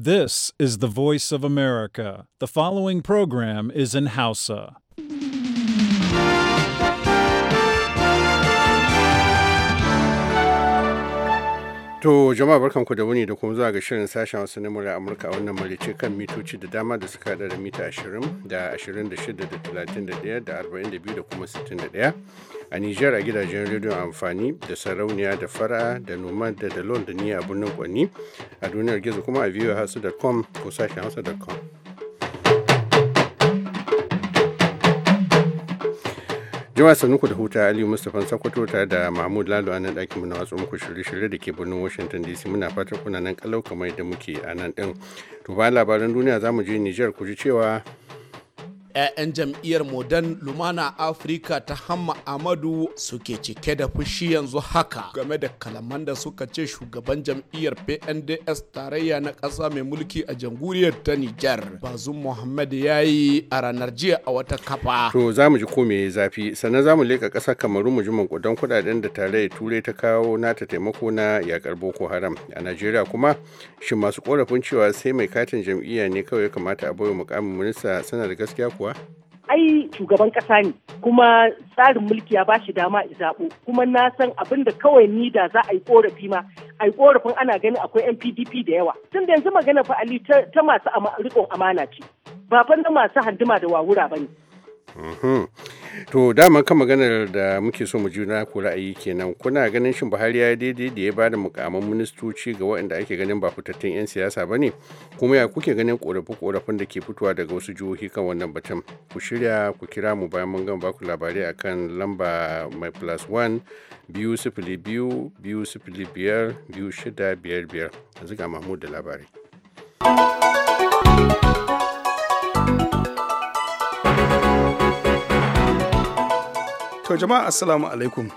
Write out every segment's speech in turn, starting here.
This is the voice of America. The following program is in Hausa. To jama'a barkanku da wuni da kuma zuwa ga shirin sashen wasu na murya Amurka a wannan malice kan mitoci da dama da suka hada da mita 20 da 26 da 31 da 42 da kuma 61. a Nijar a gidajen rediyon amfani da sarauniya da fara da noma da da da ni a birnin kwanni a duniyar gizo kuma a com ko sashen com. jama'a sanuku da huta aliyu mustapha sakwato ta da mahmud lalo a nan ɗakin muna watsu muku shirye-shirye da ke birnin washington dc muna fatar kuna nan kalau kamar yadda muke a nan ɗin to bayan labaran duniya za mu je niger ku ji cewa 'ya'yan jam'iyyar modern lumana afirka ta hamma amadu suke cike da fushi yanzu haka game da kalaman da suka ce shugaban jam'iyyar pnds tarayya na ƙasa mai mulki a jamhuriyar ta nijar bazu muhammad ya yi a ranar jiya a wata kafa to za mu ji ko me zafi sannan za mu leƙa ƙasa kamaru mu ji mankudan kuɗaɗen da tarayyar turai ta kawo nata taimako na yakar boko haram a najeriya kuma shin masu korafin cewa sai mai katin jam'iyya ne kawai kamata a baiwa mukamin minista sanar da gaskiya kuwa kuwa? Ai shugaban ƙasa ne kuma tsarin mulki ya bashi dama zaɓo kuma na san abin da kawai ni da za a yi ƙorafi ma a yi ƙorafin ana ganin akwai NPDP da yawa. Tun da yanzu magana fa Ali ta masu riƙon amana ce ba fa na masu handuma da wawura ba ne. Mhm. to dama kan maganar da muke so mu juna ku ra'ayi kenan kuna ganin shin buhari ya daidai da ya ba da mukamin ministoci ga waɗanda ake ganin ba fitattun 'yan siyasa ba ne kuma ya kuke ganin korafi korafin da ke fitowa daga wasu jihohi kan wannan batun ku shirya ku kira mu bayan mun gama baku labarai akan lamba mai plus one biyu sifili biyu biyu sifili biyar biyu shida biyar biyar mahmud da labarai. To jama'a assalamu alaikum.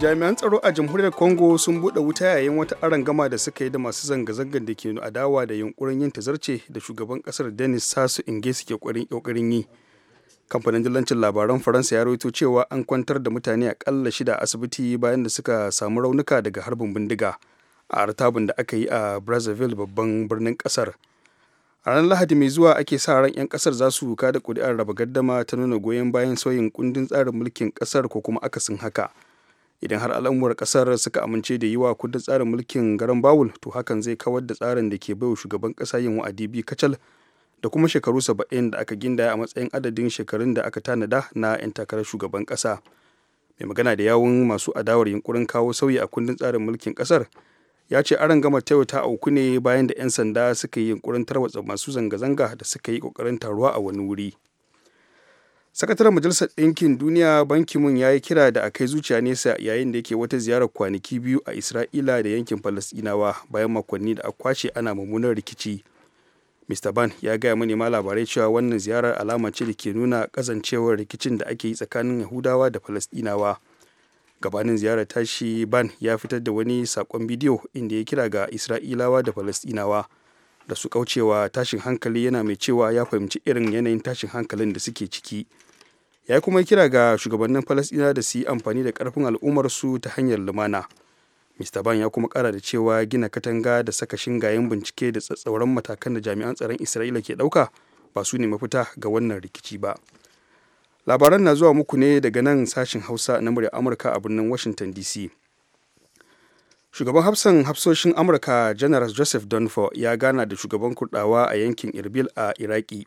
Jami'an tsaro a jamhuriyar Congo sun buɗe wuta yayin wata gama da suka yi da masu zanga-zangar da ke adawa da yunkurin yin tazarce da shugaban kasar Denis Sassou Nguesso ke ƙoƙarin yi. Kamfanin dillancin labaran Faransa ya rawaito cewa an kwantar da mutane aƙalla shida a asibiti bayan da suka samu raunuka daga harbin bindiga a artabin da aka yi a Brazzaville babban birnin ƙasar. a ranar lahadi mai zuwa ake sa ran 'yan kasar za su da kuri'ar raba gaddama ta nuna goyon bayan sauyin kundin tsarin mulkin kasar ko kuma akasin haka idan har al'amuwar kasar suka amince da yi wa kundin tsarin mulkin garan bawul to hakan zai kawar da tsarin da ke baiwa shugaban kasa yin wa'adi biyu kacal da kuma shekaru saba'in da aka gindaya a matsayin adadin shekarun da aka tanada na 'yan takarar shugaban kasa mai magana da yawun masu adawar yunkurin kawo sauyi a kundin tsarin mulkin kasar ya ce gama ta ta auku ne bayan da 'yan sanda suka yi yunkurin tarwatsa masu zanga-zanga da suka yi kokarin taruwa a wani wuri sakataren majalisar ɗinkin duniya banki mun ya yi kira da a kai zuciya nesa yayin da yake wata ziyarar kwanaki biyu a isra'ila da yankin falasɗinawa bayan makonni da a kwace ana mummunar rikici mr ban ya gaya manema labarai cewa wannan ziyarar alama ce da ke nuna kazancewar rikicin da ake yi tsakanin yahudawa da falasɗinawa gabanin ziyarar tashi ban ya fitar da wani sakon bidiyo inda ya kira ga isra'ilawa da falastinawa da su kaucewa tashin hankali yana mai cewa ya fahimci irin yanayin tashin hankalin da suke ciki ya kuma kira ga shugabannin falasɗina da su yi amfani da karfin al'ummarsu ta hanyar lumana mr ban ya kuma kara da cewa gina katanga da saka shingayen bincike da tsatsauran matakan da jami'an tsaron isra'ila ke ɗauka ba su ne mafita ga wannan rikici ba labaran na zuwa muku ne daga nan sashen hausa na murya amurka a birnin washington dc shugaban hafsan hafsoshin amurka janar joseph dunford ya gana da shugaban kurdawa a yankin irbil a iraki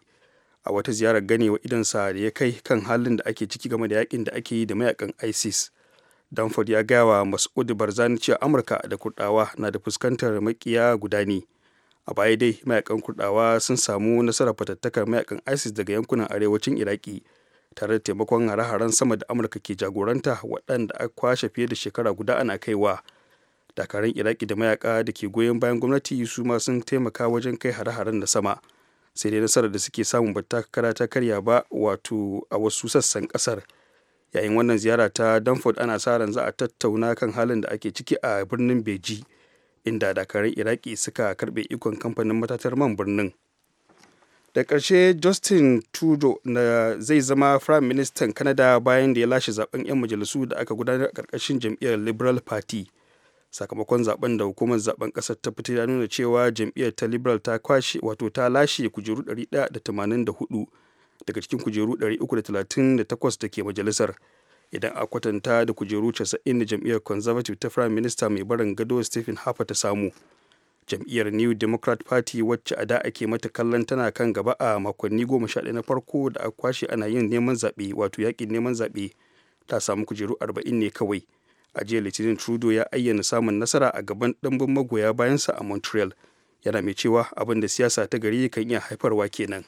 a wata ziyarar ganewa idonsa da ya kai kan halin da ake ciki game da yakin da ake yi da mayakan isis danford ya gaya wa mas'ud barzani cewa amurka da kurdawa na da fuskantar makiya guda ne a baya dai mayakan kurdawa sun samu nasarar fatattakar mayakan isis daga yankunan arewacin iraki tare da taimakon hare-haren sama da amurka ke jagoranta waɗanda aka kwashe fiye da shekara guda ana kaiwa dakarun iraki da mayaka da ke goyon bayan gwamnati su ma sun taimaka wajen kai hare-haren da sama sai dai nasarar da suke samun ba ta ta karya ba wato a wasu sassan kasar yayin wannan ziyara ta danford ana sa ran za a tattauna kan halin da ake ciki a birnin beji inda dakarun iraki suka karbe ikon kamfanin matatar man birnin da ƙarshe justin trudeau na zai zama prime ministan canada bayan da ya lashe zaben 'yan majalisu da aka gudanar a ƙarƙashin jam'iyyar liberal party sakamakon zaben da hukumar zaben ƙasar ta fita ya nuna cewa jam'iyyar ta liberal ta kwashe wato ta lashe kujeru 184 daga cikin kujeru 338 da ke majalisar idan a kwatanta da kujeru 90 da jam'iyyar conservative ta prime minister mai barin gado stephen harper ta samu jam'iyyar new democrat party wacce a da ake mata kallon tana kan gaba a makonni goma sha na farko da aka kwashe ana yin neman zaɓe wato yakin neman zaɓe ta samu kujeru arba'in ne kawai a jiya litinin trudeau ya ayyana samun nasara a gaban ɗanbin magoya bayansa a montreal yana mai cewa abin da siyasa ta gari kan iya haifarwa kenan.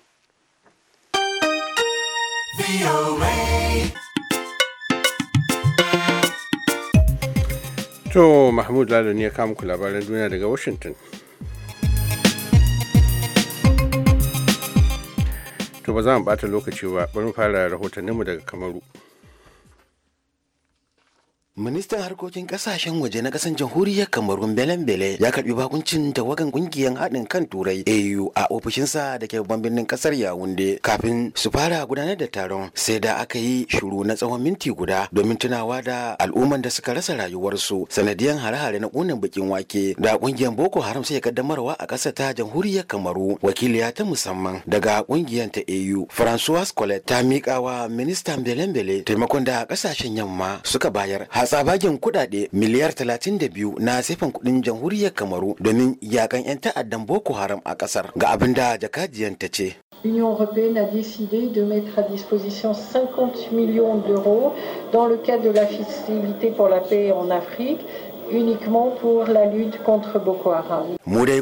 To Mahmud Lalo ne ya kama ku labaran duniya daga Washington. To ba za mu bata lokaci ba, bari mu fara rahotanninmu daga Kamaru. Ministan harkokin kasashen waje na kasan jamhuriyar Kamarun Belen Bele ya karbi bakuncin tawagan kungiyar haɗin kan Turai AU a ofishinsa da ke babban birnin kasar Yaounde kafin su fara gudanar da taron sai da aka yi shiru na tsawon minti guda domin tunawa da al'umman da suka rasa rayuwarsu sanadiyan hare-hare na ƙunin bikin wake da kungiyar Boko Haram sai kaddamarwa a ƙasar ta jamhuriyar Kamaru wakiliya ta musamman daga kungiyar ta AU Francois Colette ta miƙa wa ministan Belen Bele taimakon da kasashen yamma suka bayar tsabagen kuɗaɗe miliyar 32 na sifan kuɗin jamhuriyar kamaru domin yakan 'yan ta'addan boko haram a ƙasar ga abin da jakajiyar ta ce L'Union européenne a décidé de mettre à disposition 50 millions d'euros dans le cadre de la facilité pour la paix en Afrique uniquement pour la lutte contre Boko Haram. Mu dai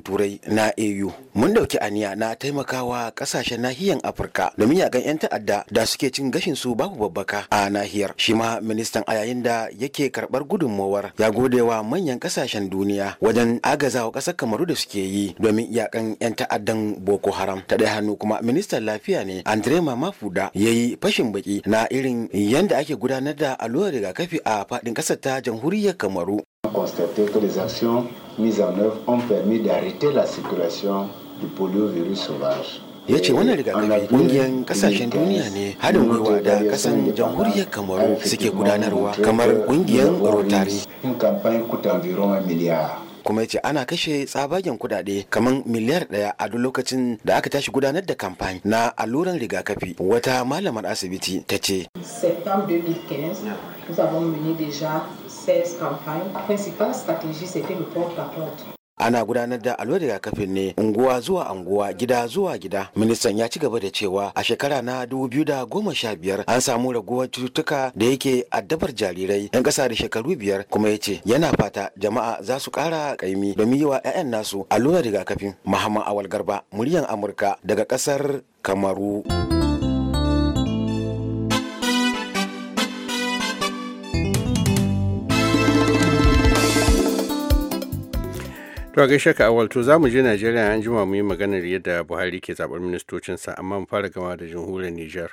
Turai na EU mun dauki aniya na taimakawa kasashen nahiyar afirka domin yakan 'yan ta'adda da suke cin gashin su babu babbaka a nahiyar shi ma ministan a yayin da yake karbar gudunmawar ya gode wa manyan kasashen duniya wajen agazawa kasar kamaru da suke yi domin yakan 'yan ta'addan boko haram ta ɗaya hannu kuma ministan lafiya ne andre mamafuda ya yi fashin baki na irin yadda ake gudanar da allurar rigakafi a faɗin ƙasar ta jamhuriyar kamaru constater que les actions mises en œuvre ont permis d'arrêter la circulation ya ce wannan rigakafi kungiyar kasashen duniya ne haɗin gwiwa da kasan jamhuriyar kamaru suke gudanarwa kamar kungiyar rotary kuma ce ana kashe tsabagen kudade kamar miliyar daya a duk lokacin da aka tashi gudanar da kamfani na alluran rigakafi wata malamar asibiti ta ce Nous avons mené déjà 16 campagnes. La principale stratégie, c'était le porte à ana gudanar da da rigakafin ne unguwa zuwa unguwa gida zuwa gida ministan ya ci gaba da cewa a shekara na dubu biyu da goma sha biyar an samu raguwar cututtuka da yake addabar jarirai yan ƙasa da shekaru biyar kuma ya ce yana fata jama'a za su ƙara ƙaimi domin yi wa 'ya'yan nasu da rigakafin muhammad awal garba muryan amurka daga ƙasar kamaru. To gaishe ka awal to za mu je Najeriya an jima mu yi maganar yadda Buhari ke zaɓar ministocinsa amma mu fara gama da jamhuriyar Nijar.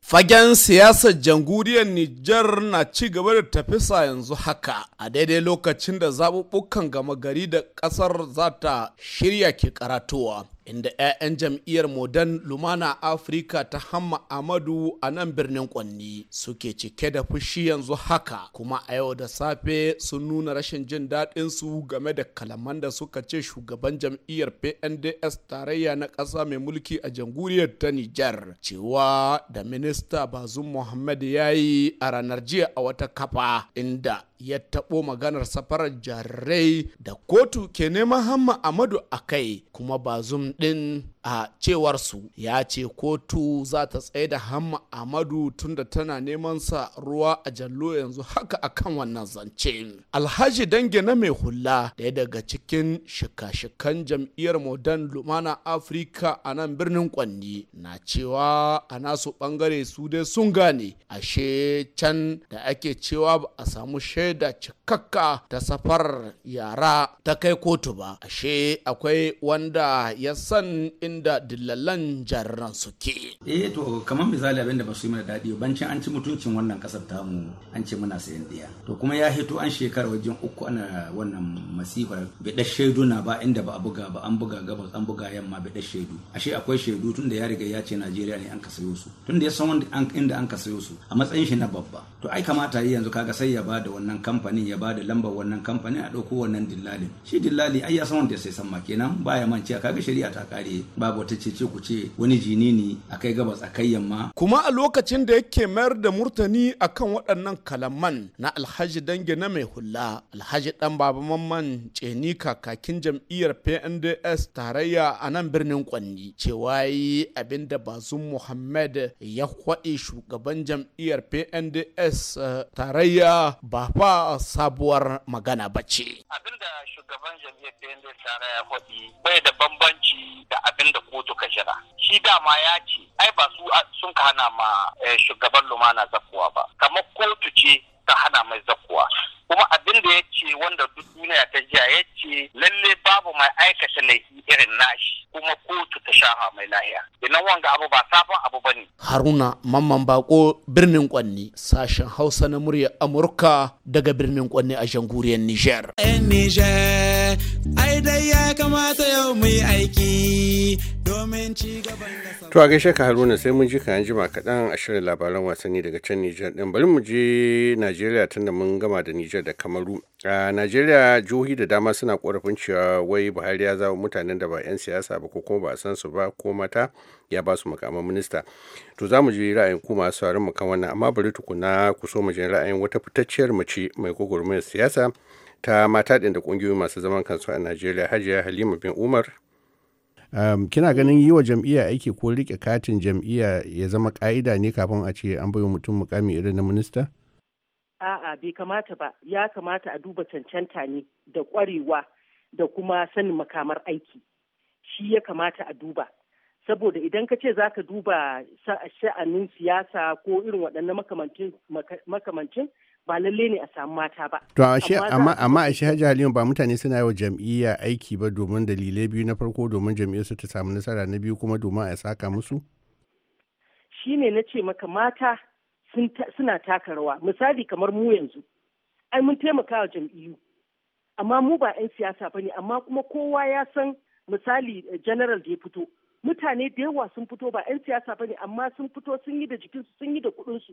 Fagen siyasar janguriyar Nijar na ci gaba da tafisa yanzu haka a daidai lokacin da zaɓuɓɓukan gama gari da ƙasar za ta shirya ke karatowa. inda 'ya'yan jam'iyyar modern lumana afirka ta hamma amadu a nan birnin kwanni suke cike da fushi yanzu haka kuma a yau da safe sun nuna rashin jin daɗin game da kalaman da suka ce shugaban jam'iyyar pnds tarayya na ƙasa mai mulki a jamhuriyar ta nijar cewa da minista bazum muhammad ya yi a ranar jiya a wata kafa inda ya taɓo maganar safarar jarirai da kotu ke neman hamma amadu a kai kuma bazum ɗin a cewarsu ya ce kotu za ta tsaye da hamma amadu tunda tana neman sa ruwa a jallo yanzu haka akan wannan zance alhaji dange na mai hula daya daga cikin shika-shikan jam'iyyar modern lumana afirka a nan birnin kwanni na cewa a nasu bangare su dai sun gane ashe can da ake cewa ba a samu shaida cikakka ta safar yara ta kai kotu ba ashe akwai wanda ya san in inda dillallan jarran suke. Eh to kamar misali abin da ba su yi mana daɗi bancin an ci mutuncin wannan ƙasar tamu an ce muna sayan ɗaya. To kuma ya hito an shekara wajen uku ana wannan masifar bai shaidu na ba inda ba a buga ba an buga gabas an buga yamma bai shaidu. Ashe akwai shaidu tun da ya riga ya ce Najeriya ne an ka sayo su. Tun da ya san wanda inda an ka sayo su a matsayin shi na babba. To ai kamata yi yanzu kaga sai ya ba da wannan kamfanin ya ba da lambar wannan kamfanin a ɗauko wannan dillalin. Shi dillali ai ya san wanda ya sai ma kenan baya man a kaga shari'a ta kare babu wata cece ku ce wani ne a kai gabas a kai yamma. Kuma a lokacin da yake mayar da murtani akan waɗannan kalaman na Alhaji Dange na mai hula, Alhaji ɗan Baba Mamman Ceni kakakin jam'iyyar PNDS tarayya a nan birnin Kwanni cewa yi abin da Bazum Muhammad ya kwaɗe shugaban jam'iyyar PNDS eh, tarayya ba fa sabuwar magana ba ce. Abin da shugaban jam'iyyar PNDS tarayya kwaɗe bai da bambanci da abin da kotu ka jira shi dama ya ce ai ba su sun ka hana ma eh, shugaban lumana zakuwa ba kamar kotu ce ta hana mai zakuwa kuma abin da ya ce wanda duk duniya ta jiya ya ce lalle babu mai aikata laifi irin nashi kuma kotu ta shafa mai lahiya ina wanga abu ba sabon abu ba ne. haruna mamman bako birnin kwanni sashen hausa na murya amurka daga birnin kwanni a jamhuriyar niger. ai dai ya kamata yau mu aiki domin ci gaban ƙasa. To a gaishe ka Haruna sai mun ji ka jima kaɗan a shirin labaran wasanni daga can Nijar ɗin. Bari mu je Najeriya tunda mun gama da Nijar da Kamaru. A Najeriya jihohi da dama suna korafin cewa wai Buhari ya zaɓi mutanen da ba 'yan siyasa ba ko kuma ba a san su ba ko mata ya ba su makaman minista. To za mu ji ra'ayin ku masu sauran mu kan wannan amma bari tukuna ku so mu ji ra'ayin wata fitacciyar mace mai gwagwarmayar siyasa ta mata ɗin da ƙungiyoyi masu zaman kansu a Najeriya Hajiya Halima bin Umar um, kina ganin yi wa jam'iyya aiki ko rike katin jam'iyya ya zama ka'ida ne kafin a ce an bai mutum mukami irin na minista a'a bai kamata ba ya kamata a duba cancanta ne da kwarewa da kuma sanin makamar aiki shi ya kamata a duba saboda idan ka ce za ka duba sha'anin siyasa ko irin waɗannan makamancin ba lalle ne a samu mata ba. To amma a shi Hajji Halima ba mutane suna yawa jam'iyya aiki ba domin dalilai biyu na farko domin jam'iyyar su ta samu nasara na biyu kuma domin a saka musu? Shi ne na ce maka mata suna taka rawa misali kamar mu yanzu ai mun taimaka wa jam'iyyu amma mu ba 'yan siyasa ba ne amma kuma kowa ya san misali eh, general da ya fito mutane da yawa sun fito ba 'yan siyasa ba ne amma sun fito sun yi da jikinsu sun yi da kuɗinsu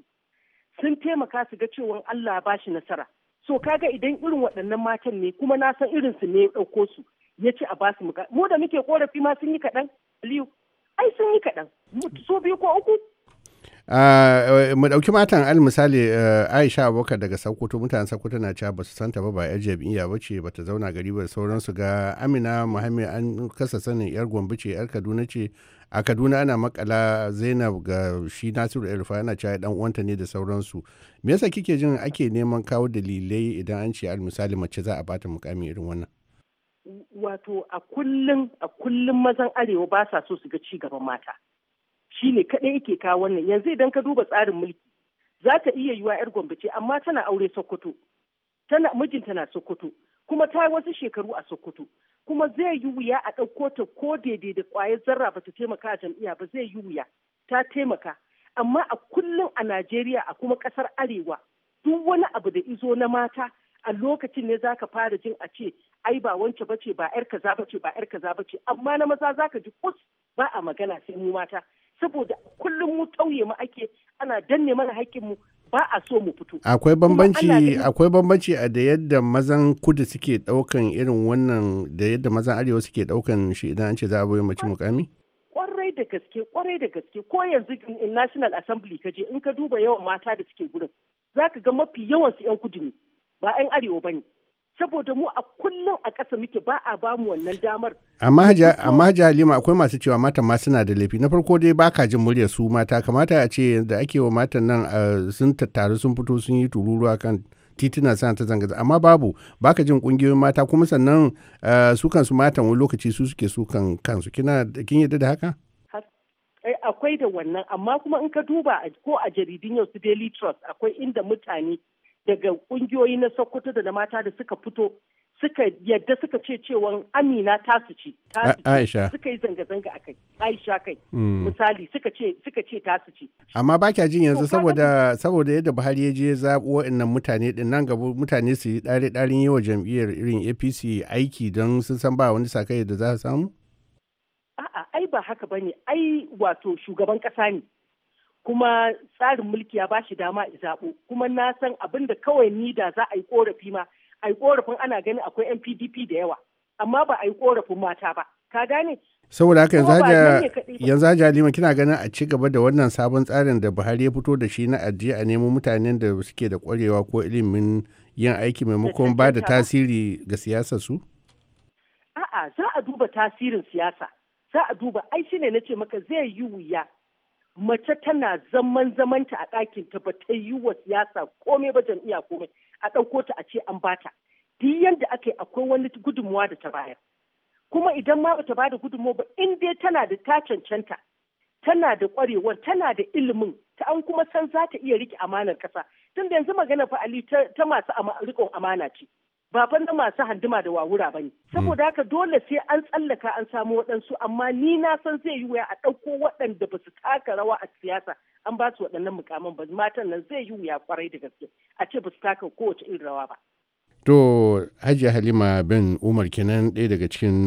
sun taimaka su ga cewa Allah ba shi nasara so kaga idan irin waɗannan matan ne kuma na san irin su ne ya ɗauko su ya ce a basu muka mu da muke korafi ma sun yi kaɗan Aliyu ai sun yi kaɗan so biyu ko uku ah, eh, mu ɗauki matan al misali eh, aisha abubakar daga sokoto mutanen sokoto na cewa ba su ta ba ba yar jam'iyya ba ce ba ta zauna gari ba sauransu ga amina muhammed an kasa sanin yar gombe ce yar kaduna ce a kaduna ana makala zainab ga shi nasiru elfa yana cewa dan uwanta ne da sauransu me yasa kike jin ake neman kawo dalilai idan an ce misali mace za a bata mukami irin wannan wato a kullum a kullum mazan arewa ba sa so su ga ci gaban mata shi ne kaɗai yake kawo wannan yanzu idan ka duba tsarin mulki za ta iya yiwa yar gwambace amma tana aure sokoto tana mijinta na sokoto kuma ta wasu shekaru a sokoto kuma zai yi wuya a ɗauko ta ko daidai da ƙwayar zarra ba ta taimaka a jam'iyya ba zai yi wuya ta taimaka amma a kullum a najeriya a kuma ƙasar arewa duk wani abu da izo na mata a lokacin ne zaka fara jin a ce ai ba wance ce ba yar kaza ce ba yar kaza ce amma na maza zaka ji kus ba a magana sai mu mata saboda kullum mu tauye mu ake ana danne mana haƙƙin mu ba a so mu fito akwai bambanci akwai bambanci a da yadda mazan kudu suke daukan irin wannan da yadda mazan arewa suke daukan shi idan an ce za a bayo mace mukami kwarai da gaske kwarai da gaske ko yanzu in national assembly ka je in ka duba yawan mata da suke gurin ka ga mafi yawan su yan kudu ne ba yan arewa ba ne. saboda mu a kullum a ƙasa muke ba a bamu wannan damar. Amma haja Halima akwai masu cewa matan ma suna da laifi na farko dai ba ka jin muryar su mata kamata a ce da ake wa matan nan sun tattaru sun fito sun yi tururuwa kan tituna suna ta zanga amma babu ba ka jin kungiyoyin mata kuma sannan su kansu matan wani lokaci su suke su kansu kina kin yadda da haka? Eh, akwai da wannan amma kuma in ka duba ko a jaridun yau su Daily Trust akwai inda mutane daga kungiyoyi na sokoto da na mata da suka fito suka yadda suka ce cewa amina ta su ci aisha suka yi zanga-zanga a kai aisha kai hmm. misali suka ce ta su ci amma ba kya jin yanzu saboda yadda buhari ya je zaɓo wa'annan mutane din nan gaba mutane su yi ɗari ɗarin wa jam'iyyar irin apc aiki don sun san ba wani sakai da za su samu a'a ai ba haka bane ai wato shugaban ƙasa ne kuma tsarin mulki ya bashi dama zaɓo kuma na san abin da kawai ni da za a yi korafi ma a yi korafin ana ganin akwai yan da yawa amma ba a yi korafin mata ba ka gane saboda haka yanzu haja halima kina ganin a ci gaba da wannan sabon tsarin da buhari ya fito da shi na ajiye a nemo mutanen da suke da kwarewa ko ilimin yin aiki maimakon ba da tasiri ga siyasa su a'a za a duba tasirin siyasa za a duba ai shine na ce maka zai yi wuya mace tana zaman zamanta a ɗakin ta ba ta yi wa siyasa komai ba jam'iyya komai a ɗauko ta a ce an bata duk yadda aka yi akwai wani gudunmuwa da ta bayar kuma idan ma bata da gudummawa ba in dai tana da ta cancanta tana da ƙwarewar tana da ilimin ta an kuma san za ta iya riƙe amanar ƙasa tun da yanzu magana fa Ali ta masu riƙon amana ce ba ban da masu handuma da wawura ba ne. Saboda haka dole sai an tsallaka an samu waɗansu amma ni na san zai yi wuya a ɗauko waɗanda ba su taka rawa a siyasa an ba su waɗannan mukaman ba matan nan zai yi wuya kwarai da gaske a ce ba su taka kowace irin rawa ba. To Hajiya Halima bin Umar kenan ɗaya daga cikin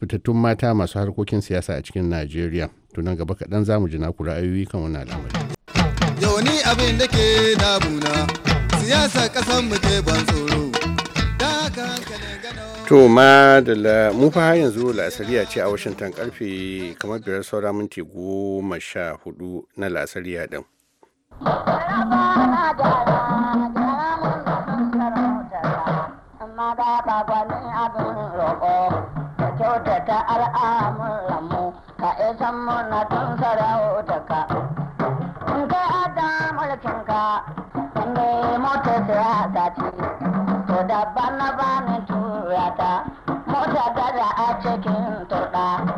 fitattun mata masu harkokin siyasa a cikin Najeriya. Tunan gaba kaɗan za mu ji naku ra'ayoyi kan wannan al'amari. Yau ni abin da ke damuna siyasa ƙasar mu ke ban tsoro. To ma da mu fa yanzu la'asariya ce a Washington karfe kamar biyar saura minti goma sha hudu na la'asariya din. kyautata al'amun lamu ka isan muna tun sarauta ka in ka ada mulkin ka ne mota siyasa ce to na bani turata mota da a cikin turɗa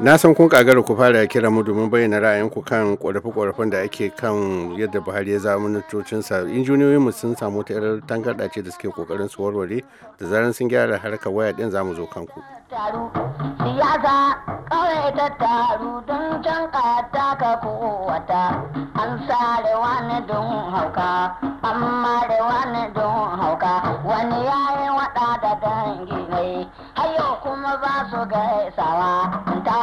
na san kun kagara ku fara kira mu domin bayyana ra'ayinku kan korafe-korafen da ake kan yadda buhari ya zama sa injiniyoyin mu sun samu ta irar tangarda da suke kokarin su warware da zaran sun gyara harkar waya din zamu zo kanku siyasa kawai ta taru don can ta ka kowata an sare wani don hauka amma da wani don hauka wani yayi wada da dangi mai hayo kuma ba su gaisawa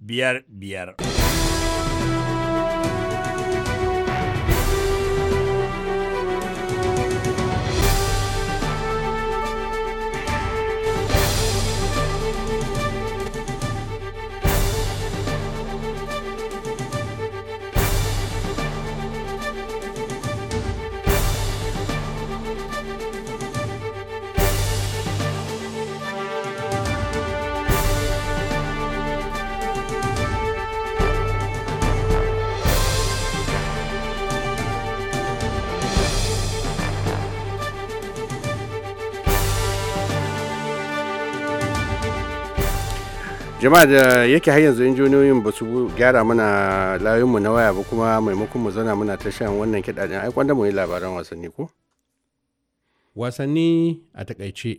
biyar biyar. jama'a da yake har yanzu injiniyoyin ba su gyara mana layinmu na waya ba kuma maimakon mu zauna muna ta shan wannan kiɗa ɗin ai kwanda mu yi labaran wasanni ko wasanni a takaice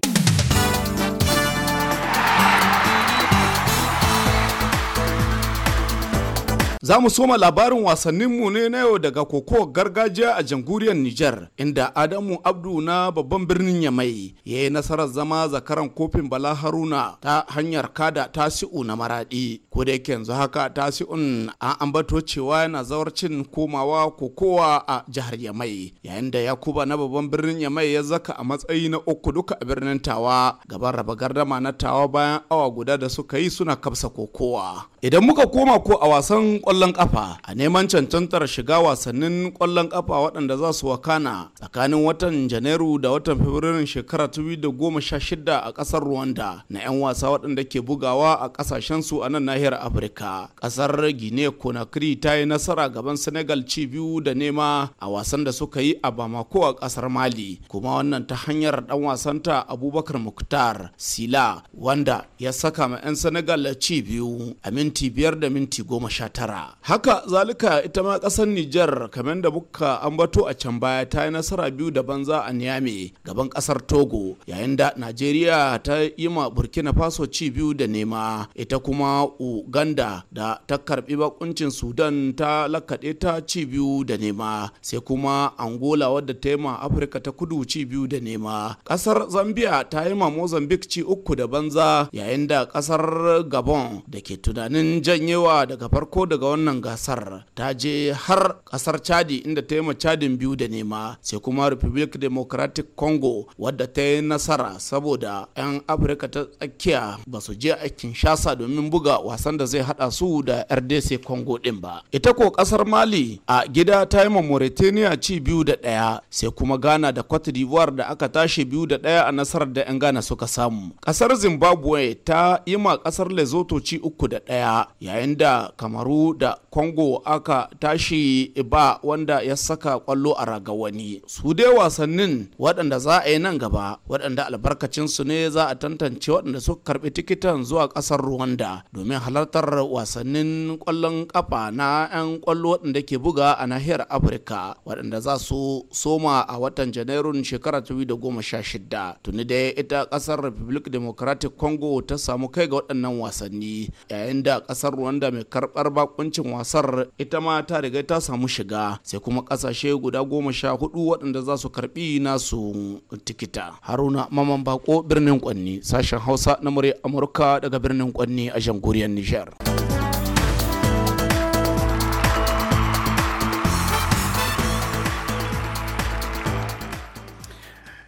Za mu soma labarin wasannin mu ne na yau daga kokowar gargajiya a jamhuriyar Nijar, inda Adamu Abdu na babban birnin Yamai ya yi nasarar zama zakaran kofin Bala Haruna ta hanyar kada tasi'u na maradi Ko da yake yanzu haka tasi'un an ambato cewa yana zawarcin komawa kokowa a jihar Yamai, yayin da Yakuba na babban birnin Yamai ya zaka a matsayi na uku duka a birnin Tawa, gaban raba gardama na Tawa bayan awa guda da suka yi suna kafsa kokowa. idan muka koma ko a wasan kwallon kafa a neman cancantar shiga wasannin kwallon kafa waɗanda za su wakana tsakanin watan janairu da watan fabrairun shekara 2016 a ƙasar rwanda na 'yan wasa waɗanda ke bugawa a ƙasashensu a nan nahiyar afirka ƙasar guinea conakry ta yi nasara gaban senegal ci biyu da nema a wasan da suka yi a bamako a ƙasar mali kuma wannan ta hanyar ɗan wasanta abubakar muktar sila wanda ya saka ma 'yan senegal ci biyu amin minti biyar da minti goma sha tara haka zalika ita ma kasar nijar kamar da muka bato a can baya ta yi nasara biyu da banza a niame gaban kasar togo yayin da najeriya ta yi ma burkina faso ci biyu da nema ita kuma uganda da ta karbi bakuncin sudan ta lakaɗe ta ci biyu da nema sai kuma angola wadda ta yi ma afirka ta kudu ci biyu da nema kasar zambia ta yi ma mozambique ci uku da banza yayin da kasar gabon da ke tunanin gabanin janyewa daga farko daga wannan gasar ta je har kasar chadi inda ta yi ma chadin biyu da nema sai kuma republic democratic congo wadda ta yi nasara saboda 'yan afirka ta tsakiya ba su je a kinshasa domin buga wasan da zai hada su da rdc congo din ba ita ko kasar mali a gida ta yi ma mauritania ci biyu da daya sai kuma ghana da cote d'ivoire da aka tashi biyu da daya a nasarar da 'yan ghana suka samu kasar zimbabwe ta yi ma kasar lesotho ci uku da daya daya yayin da kamaru da congo aka tashi ba wanda ya saka kwallo a raga wani su dai wasannin waɗanda za a yi nan gaba waɗanda albarkacinsu ne za a tantance waɗanda suka karɓi tikitan zuwa ƙasar rwanda domin halartar wasannin ƙwallon ƙafa na 'yan kwallo waɗanda ke buga a nahiyar afirka waɗanda za su soma a watan janairun shekara 2016 tuni dai ita ƙasar republic democratic congo ta samu kai ga waɗannan wasanni yayin da a kasar Rwanda mai karbar bakuncin wasar ita ma ta riga ta samu shiga sai kuma kasashe guda goma sha hudu waɗanda za su karbi nasu tikita. Haruna Maman Bako birnin Kwanni sashen Hausa na murya Amurka daga birnin Kwanni a jamhuriyar Nijar.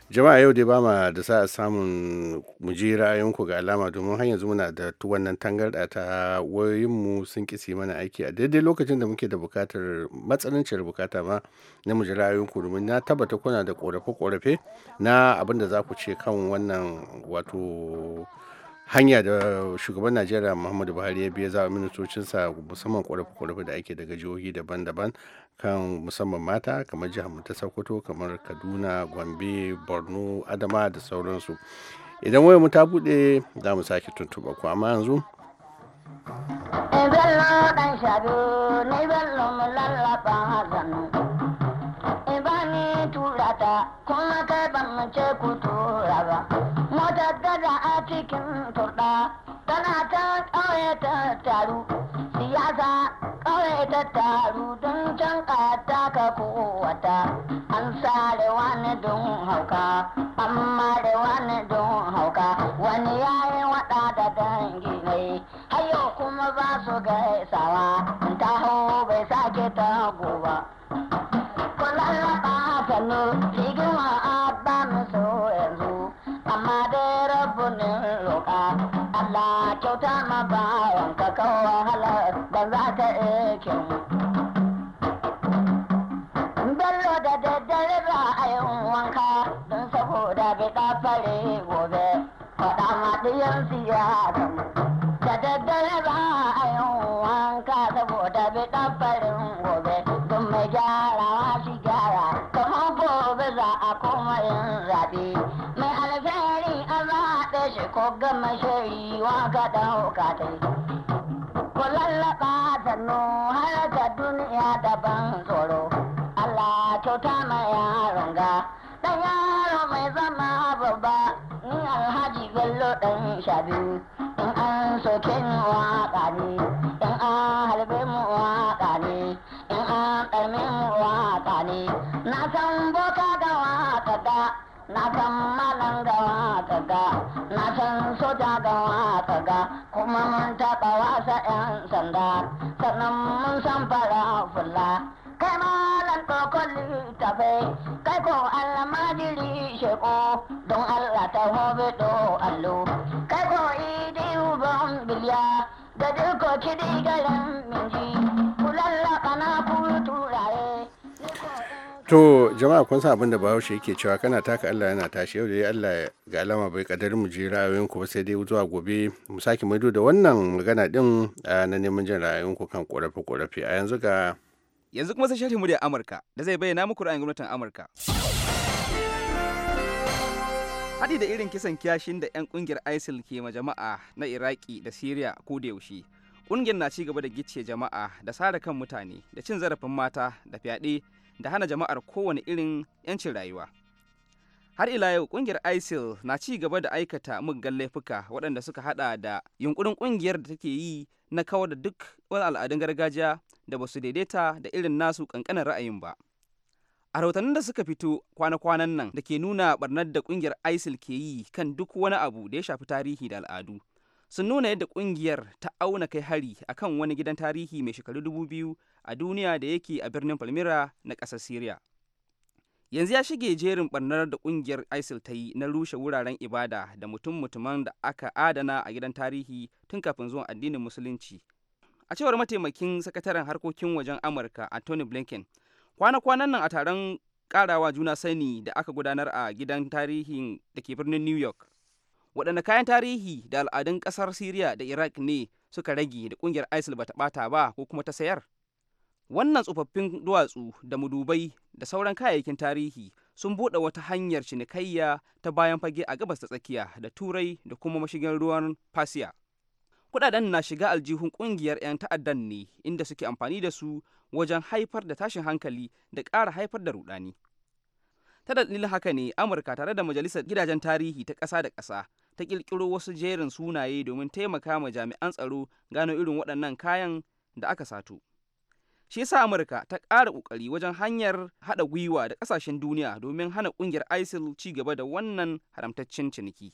jama'a yau dai ba ma da sa'a samun mu ji ra'ayinku ga alama domin har yanzu muna da wannan tangarɗa ta wayoyinmu sun kisi mana aiki a daidai lokacin da muke da bukatar matsananciyar bukata ma na mu ji ra'ayinku domin na tabbata kuna da korafe-korafe na abin da za ku ce kan wannan wato hanya da shugaban najeriya muhammadu buhari ya biya za ministocinsa musamman kwarafi-kwarafi da ake daga jihohi daban-daban kan musamman mata kamar jihar ta sokoto kamar kaduna gombe borno adama da sauransu idan wayar mu ta bude za mu sake tuntuɓa ku amma yanzu Ibani tura ta kuma kai ban mace ku tura ba. cikin turɗa tana ta ƙauye ta taru siyasa ƙauye ta taru don can ƙata ka kowata an sare wani don hauka an mare wani don hauka wani yayi waɗa da dangi ne hayo kuma ba su gaisawa taho bai sake ta goba. Allah kyauta ma bawan ka kawo wahalar da za ta eke Bello da daddare ba a yi wanka don saboda bai ɗafare gobe faɗa maɗiyan siyasa da daddare ba a yi wanka saboda bai wagga mashari waga ɗauka ta yi. Ku lallaɓa sannu har da duniya daban tsoro, Allah kyauta mai yaron ga. Ɗan yaro mai zama babba, ni alhaji bello ɗan shabi. In an soke ni waƙa ne, in an halbe mu waƙa ne, in an ɗarme mu waƙa ne, na san boka ga waƙa da. na san malam ga waka ga na san soja ga waka ga kuma mun taɓa wasa 'yan sanda sannan mun san fara fulla kai malam kokon littafe kai ko Allah majiri sheko don Allah ta hobe do allo kai ko idi ubon biliya da duk ko kidi garan minji To jama'a kun san abin da Bahaushe yake cewa kana taka Allah yana tashi yau da ya Allah ga alama bai kadar mu ra'ayoyin ku ba sai dai zuwa gobe mu sake maido da wannan magana din na neman jin ra'ayoyinku kan korafe korafe a yanzu ga yanzu kuma sai sharhi da Amurka da zai bayyana muku ra'ayin gwamnatin Amurka. Haɗi da irin kisan kiyashin da 'yan kungiyar ISIL ke ma jama'a na Iraki da Siriya ko da yaushe. Ƙungiyar na ci gaba da gicce jama'a da sare kan mutane da cin zarafin mata da fyaɗe da hana jama'ar kowane irin 'yancin rayuwa har ila yau kungiyar isil na ci gaba da aikata muggan laifuka waɗanda suka hada da yunkurin kungiyar da take yi na kawar da duk wani al'adun gargajiya da ba su daidaita da irin nasu kankanin ra'ayin ba a rahotannin da suka fito kwana-kwanan nan da ke nuna barnar da kungiyar isil ke yi kan duk wani abu da ya shafi tarihi da al'adu sun nuna yadda kungiyar ta auna kai hari a kan wani gidan tarihi mai shekaru dubu biyu a duniya da yake a birnin palmira na ƙasar syria yanzu ya shige jerin barnar da kungiyar isil ta yi na rushe wuraren ibada da mutum-mutuman da aka adana a gidan tarihi tun kafin zuwan addinin musulunci a cewar mataimakin sakataren harkokin wajen amurka a tony blinken kwana-kwanan nan a taron karawa juna sani da aka gudanar a gidan tarihin da ke birnin new york waɗanne kayan tarihi da al'adun ƙasar Siriya da Iraq ne suka rage da ƙungiyar ISIL bata ɓata ba ko kuma ta sayar? Wannan tsofaffin duwatsu da mudubai da sauran kayayyakin tarihi sun buɗe wata hanyar cinikayya ta bayan fage a gabas ta tsakiya da Turai da kuma mashigin ruwan Fasiya. Kuɗaɗen na shiga aljihun ƙungiyar 'yan ta'addan ne inda suke amfani da su wajen haifar da tashin hankali da ƙara haifar da ruɗani. ta dalilin haka ne amurka tare da majalisar gidajen tarihi ta ƙasa da ƙasa ta ƙirƙiro wasu jerin sunaye domin taimaka ma jami'an tsaro gano irin waɗannan kayan da aka sato. Shi yasa Amurka ta ƙara ƙoƙari wajen hanyar haɗa gwiwa da ƙasashen duniya domin hana ƙungiyar ISIL ci gaba da wannan haramtaccen ciniki.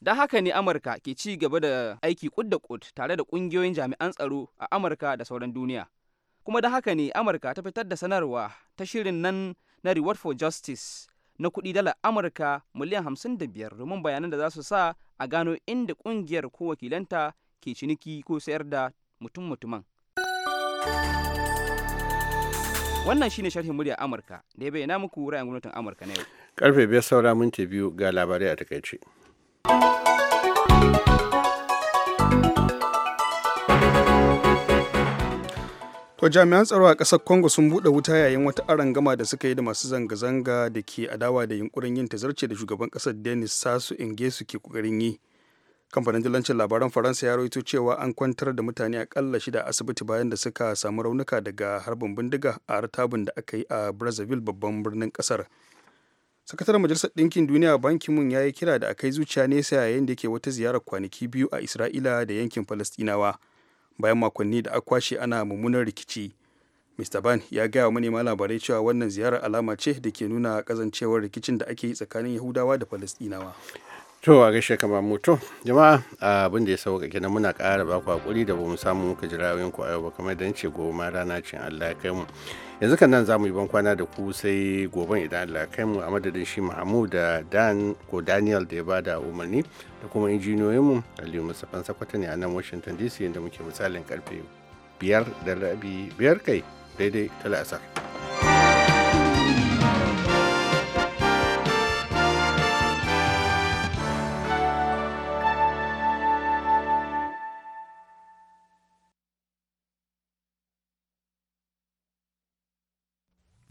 Don haka ne Amurka ke ci gaba da aiki ƙud da ƙud tare da ƙungiyoyin jami'an tsaro a Amurka da sauran duniya. Kuma da haka ne Amurka ta fitar da sanarwa ta shirin nan na Reward for Justice na kuɗi dala Amurka miliyan hamsin da biyar domin bayanan da za su sa a gano inda ƙungiyar ko wakilanta ke ciniki ko sayar da mutum mutuman. Wannan shine sharhin muryar Amurka da ya bayyana muku ra'ayin gwamnatin Amurka na yau. Karfe biyar saura minti biyu ga labarai a takaice. To jami'an tsaro a ƙasar Congo sun buɗe wuta yayin wata arangama da suka yi da masu zanga-zanga da ke adawa da yunkurin yin tazarce da shugaban ƙasar Denis Sassou Nguesso ke kokarin yi. Kamfanin dillancin labaran Faransa ya rawaito cewa an kwantar da mutane akalla shida a asibiti bayan da suka samu raunuka daga harbin bindiga a artabin da aka yi a Brazzaville babban birnin ƙasar. Sakataren Majalisar Ɗinkin Duniya Bankin mun ya yi kira da a kai zuciya nesa yayin da yake wata ziyarar kwanaki biyu a Isra'ila da yankin Falastinawa. bayan makonni da aka kwashe ana mummunar rikici mr ban ya gaya wa manema labarai cewa wannan ziyarar alama ce da ke nuna kazancewar rikicin da ake yi tsakanin yahudawa da falastinawa to a gaishe kama moto jama'a abin da ya sauka kenan muna kara ba ku hakuri da ba mu samu muka jira ku yau ba kamar da ce goma rana ce Allah ya kai mu yanzu kan nan za mu yi ban kwana da ku sai goben idan Allah kai mu a madadin shi Mahmud da Dan ko Daniel da ya ba da umarni da kuma injiniyoyin mu Aliyu Musafan Sakwata ne a nan Washington DC inda muke misalin karfe biyar da rabi biyar kai daidai talasar.